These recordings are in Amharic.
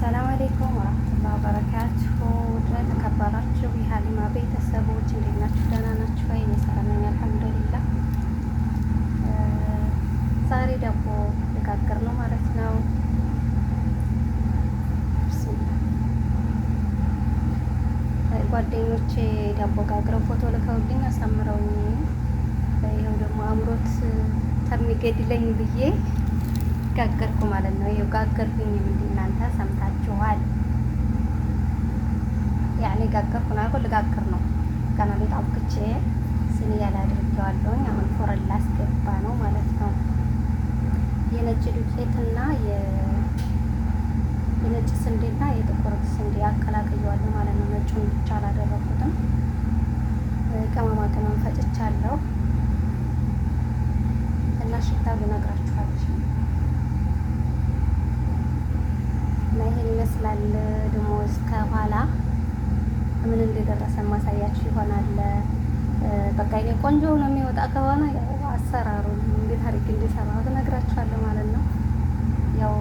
ሰላም አሌይኩም ወራህመቱላ ወበረካቱሁ ውድ የተከበራችሁ የሀሊማ ቤተሰቦች እንዴት ናችሁ? ደህና ናችሁ ወይ? እኔ ሰላም ነኝ አልሐምዱሊላህ። ዛሬ ዳቦ ልጋግር ነው ማለት ነው። ጓደኞቼ ዳቦ ጋግረው ፎቶ ልከውልኝ አሳምረውኝ፣ ይኸው ደግሞ አእምሮት ተሚገድለኝ ብዬ ጋገርኩ ማለት ነው። ይኸው ጋገርኩኝ ምንድን ነው ሰምታችኋል። ያኔ ጋገርኩ ነው አልኩ ልጋግር ነው ገና ሊጥ አብክቼ ሲኒያ ላይ አድርጌዋለሁኝ። አሁን ፎረን ላስገባ ነው ማለት ነው። የነጭ ዱቄትና የነጭ ስንዴና የጥቁር ስንዴ አቀላቅየዋለሁ ማለት ነው ነጩን ይመስላል። ደሞዝ ከኋላ ምን እንደደረሰ ማሳያችሁ ይሆናል። በቃ ይሄ ቆንጆ ነው የሚወጣ ከሆነ ያው አሰራሩ እንዴት አድርጌ እንደሰራሁት እነግራችኋለሁ ማለት ነው። ያው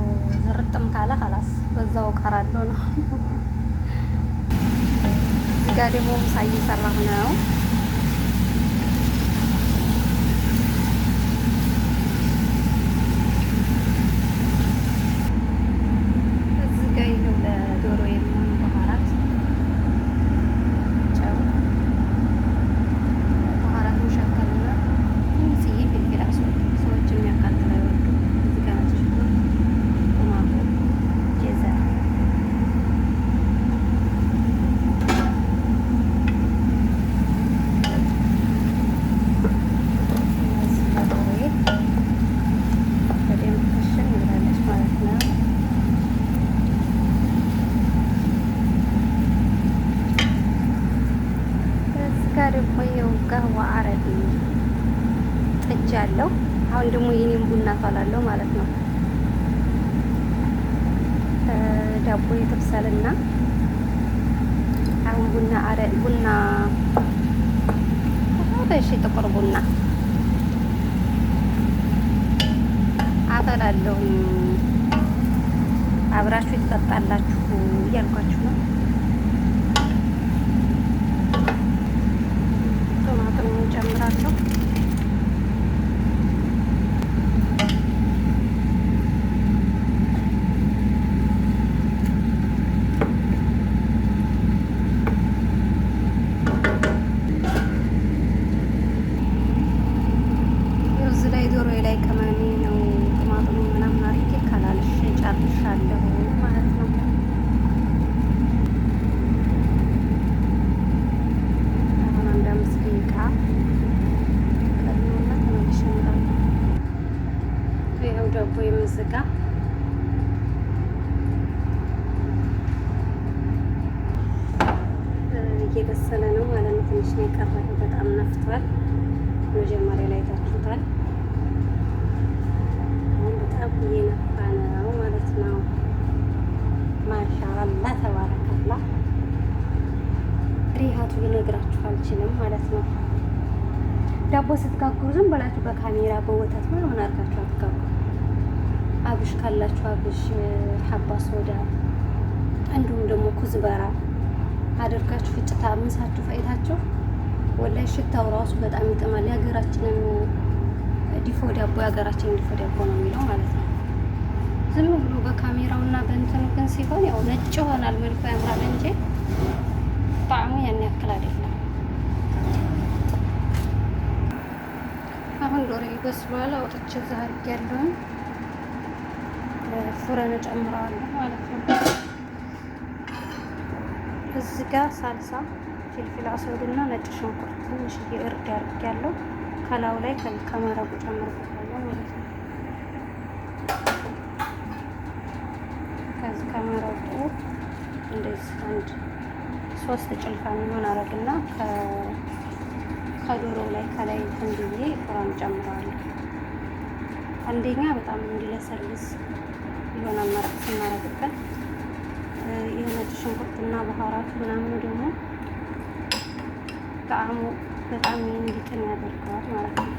ዝርጥም ካለ ኸላስ በዛው ቀራለሁ ነው። እዚጋ ደግሞ ምሳ እየሰራሁ ነው። አፈላለው። አሁን ደግሞ የኔም ቡና አፈላለው ማለት ነው። ዳቦ የተብሰልና አሁን ቡና አረ ቡና እሺ፣ ጥቁር ቡና አፈላለሁ። አብራችሁ ይጠጣላችሁ እያልኳችሁ ነው። ጆሮ ላይ ቅመሜ ነው ጥማጥሜ ምናምን አርጌ ካላልሽ ጨርሻለሁ ማለት ነው። አሁን አንድ አምስት ደቂቃ ቀድሞና ተመልሽ ይላል። ይኸው ዳቦ የምዝጋ እየበሰለ ነው ማለት ነው። ትንሽ ነው የቀረው፣ በጣም ነፍቷል። መጀመሪያ ላይ ታችሁታል። እየነፋ ነው ማለት ነው። ማሻአላ ተባረካላ። ሪሃቱ ልነግራችሁ አልችልም ማለት ነው። ዳቦ ስትጋግሩ ዝም ብላችሁ በካሜራ በወተት ምናምን አድርጋችሁ አትጋግሩ። አብሽ ካላችሁ አብሽ፣ ሀባ ሶዳ እንዲሁም ደግሞ ኩዝበራ አድርጋችሁ ፍጭታ ምሳችሁ ፈይታችሁ ወላይ ሽታው ራሱ በጣም ይጥማል። የሀገራችንን ዲፎ ዳቦ የሀገራችንን ዲፎ ዳቦ ነው የሚለው ማለት ነው። ዝም ብሎ በካሜራው እና በእንትኑ ግን ሲሆን ያው ነጭ ይሆናል፣ መልኩ ያምራል እንጂ ጣዕሙ ያን ያክል አይደለም። አሁን ዶሮ ይበስሏል። አውጥቼ እዛ ያለውን ፍረን እጨምረዋለሁ ማለት ነው። እዚህ ጋ ሳልሳ ፊልፊል አስወድና ነጭ ሽንኩርት ትንሽ እርድ ያለው ከላው ላይ ከመረቁ ጨምርኩ። እስከመረቁ እንደዚህ አንድ ሶስት ጭልፋ የሚሆን አረግና ከዶሮ ላይ ከላይ እንትን ብዬ ቁራን ጨምረዋለሁ። አንደኛ በጣም እንዲለሰልስ የሆነ አመራጭ ስናረግበት የነጭ ሽንኩርትና ባህራቱ ምናምኑ ደግሞ ጣዕሙ በጣም እንዲጥም ያደርገዋል ማለት ነው።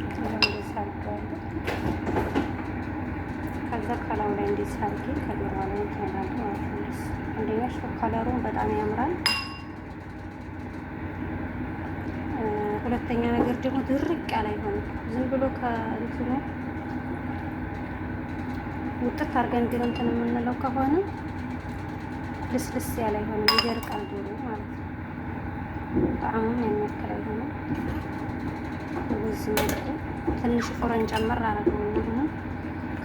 እንደዚህ አድርገዋለሁ። እንዴት ሳርጌ ከዶሮ አለሞች ያላሉ ማለት ነው። አንደኛ ከለሩን በጣም ያምራል። ሁለተኛ ነገር ደግሞ ድርቅ ያለ አይሆንም። ዝም ብሎ ከእንትኑ ውጥት አድርገን ግን እንትን የምንለው ከሆነ ልስልስ ያለ አይሆንም። ይደርቃል ዶሮ ማለት ነው። ጣዕሙም የሚያክል አይሆንም። በዚህ መልኩ ትንሽ ቁረን ጨመር አረገው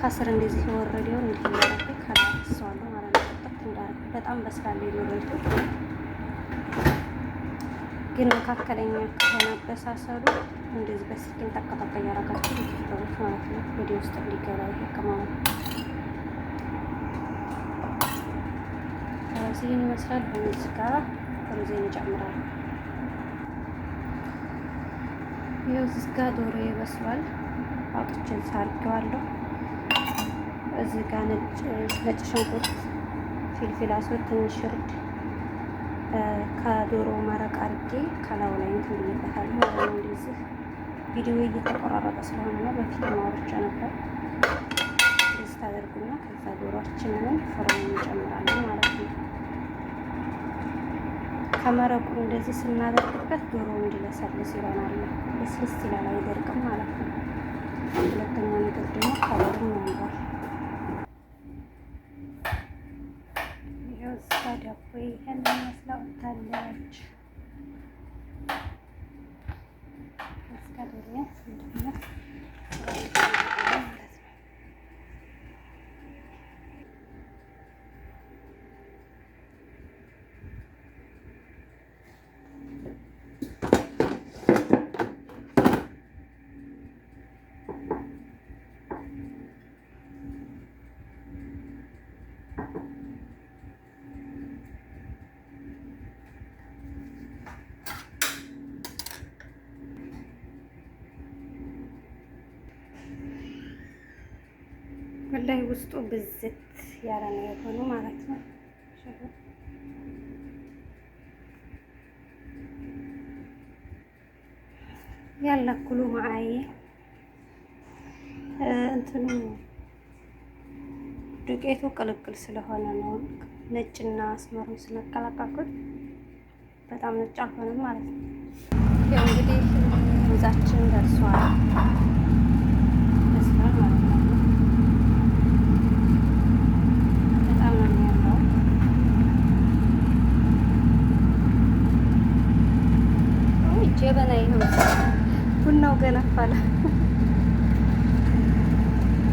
ከስር እንደዚህ የወረደ የወረደውን እንዲህ ያደረገ ካላሰዋለሁ ማለት ነው። ጥቅት እንዳደረገ በጣም በስላለ የዶሮቱ ግን መካከለኛ ከሆነ አበሳሰሉ እንደዚህ በስኪን ጠቀጠቀ ያረጋችሁ ዶሮች ማለት ነው ቪዲዮ ውስጥ እንዲገባ ይጠቀማሉ። ሮዜን ይመስላል። በነዚህ ጋራ ሮዜን ይጨምራል። ይኸው እዚህ ጋር ዶሮ ይበስሏል። አውጥቼ ሳርጌዋለሁ እዚህ ጋር ነጭ ሽንኩርት፣ ፊልፊል አስወር፣ ትንሽ እርድ ከዶሮ መረቅ አድርጌ ከላው ላይ እንትን ይበታል ማለት ነው። እንደዚህ ቪዲዮ እየተቆራረጠ ስለሆነ ነው። በፊት ማውርቻ ነበር። እንደዚህ ታደርጉና ከዛ ዶሮችንን ፍሮን እንጨምራለን ማለት ነው። ከመረቁ እንደዚህ ስናደርግበት ዶሮ እንዲለሰልስ ይሆናል። ልስልስ ይላል፣ አይደርቅም ማለት ነው። ወላሂ ውስጡ ብዝት ያለ ነው የሆነው ማለት ነው። ያላኩሉ ማአየ እንትኑ ዱቄቱ ቅልቅል ስለሆነ ነው ነጭና አስመሩን ስለቀላቀልኩት በጣም ነጭ አልሆነም ማለት ነው። ያው እንግዲህ ሙዛችን ደርሷል። pala.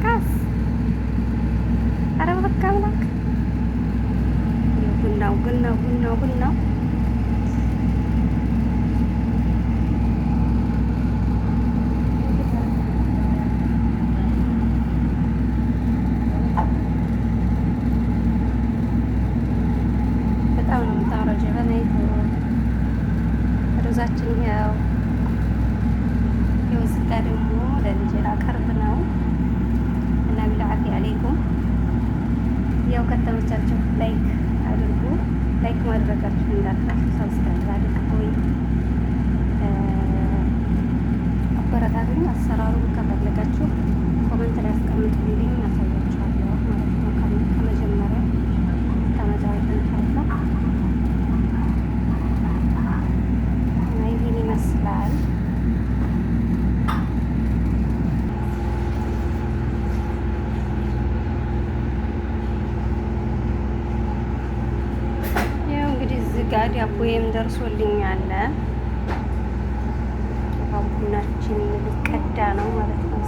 Kas! ኧረ በቃ ብላክ ቡናው ቡናው ቡናው ቡናው በጣም ነው የምታምረው ያው ለወስታ ደግሞ ለእንጀራ ቅርብ ነው እና ቢላዓፊ አሌይኩም። ያው ከተመቻችሁ ላይክ አድርጉ። ላይክ ማድረጋችሁ እንዳትረሱ። ሰብስክራይብ አድርጉ። አበረታቱኝ አሰራሩ ከፈለጋችሁ ጋር ዳቦዬም ደርሶልኛል። ቡናችን ሊቀዳ ነው ማለት ነው።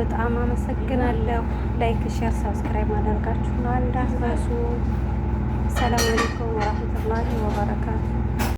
በጣም አመሰግናለሁ። ላይክ፣ ሼር፣ ሰብስክራይብ ማድረጋችሁን እንዳትረሱ። ሰላም አለይኩም ወራህመቱላሂ ወበረካቱ